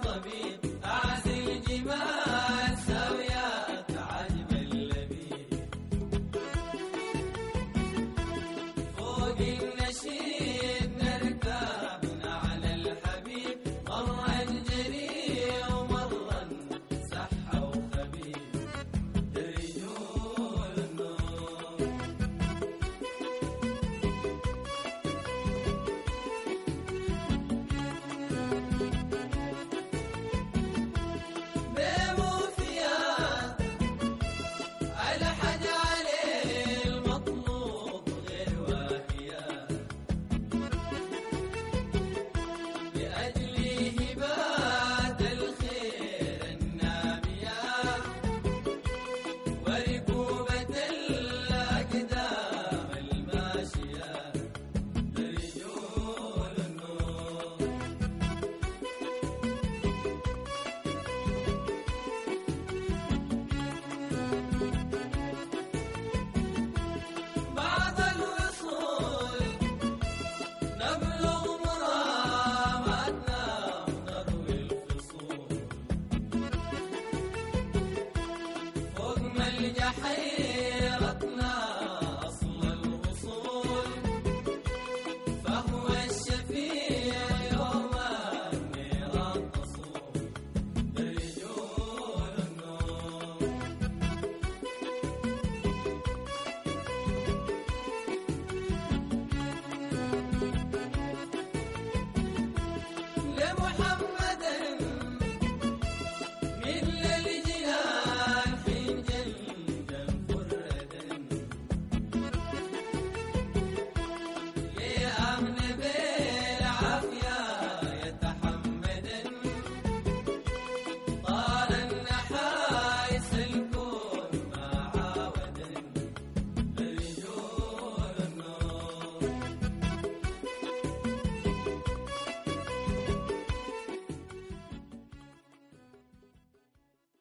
طبيب أعزي الجمال سويا تعجب يا حي